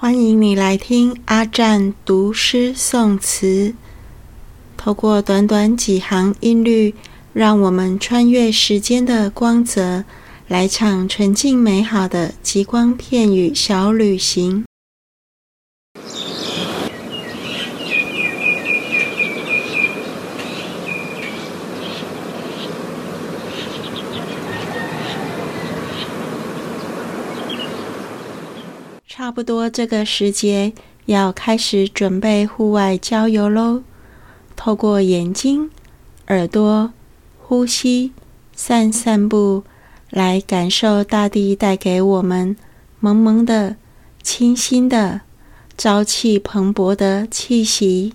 歡迎你來聽阿占讀詩誦詞，透過短短幾行音律，讓我們穿越時間的光澤，來場純淨美好的極光片語小旅行。差不多這個時節要開始準備戶外郊遊嘍。透過眼睛、耳朵、呼吸、散散步，來感受大地帶給我們萌萌的、清新的、朝氣蓬勃的氣息。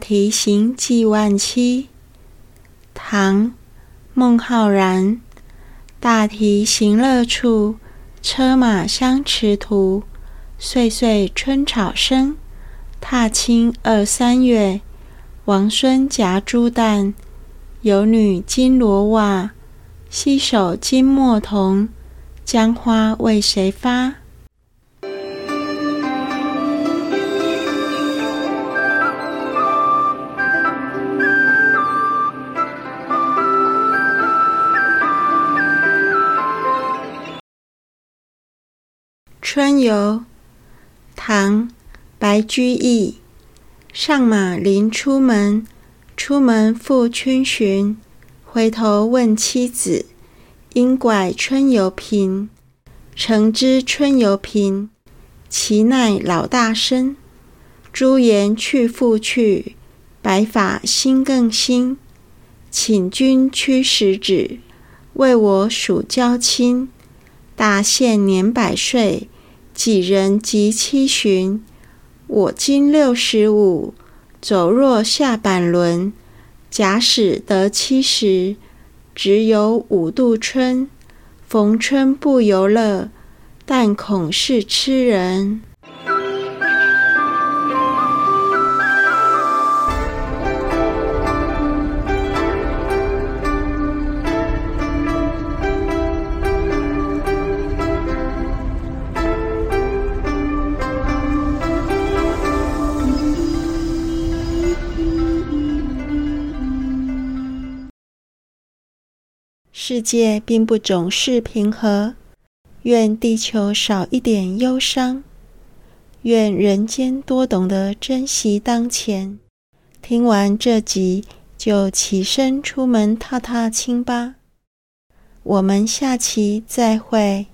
《大堤行寄萬七》唐·孟浩然。大堤行樂處，車馬相馳突。歲歲春草生，踏青二三月。王孫挾珠彈，游女矜羅襪。攜手今莫同，江花為誰發？春遊，唐·白居易。上馬臨出門，出門復逡巡，回頭問妻子，應怪春遊頻。誠知春遊頻，其奈老大身。朱顏去復去，白髮新更新。請君屈十指，為我數交親。大限年百歲。幾人及七旬，我今六十五，走若下坂輪。假使得七十，只有五度春。逢春不遊樂，但恐是痴人。世界並不總是平和，願地球少一點憂傷，願人間多懂得珍惜當前。聽完這集，就起身出門踏踏青吧。我們下期再會。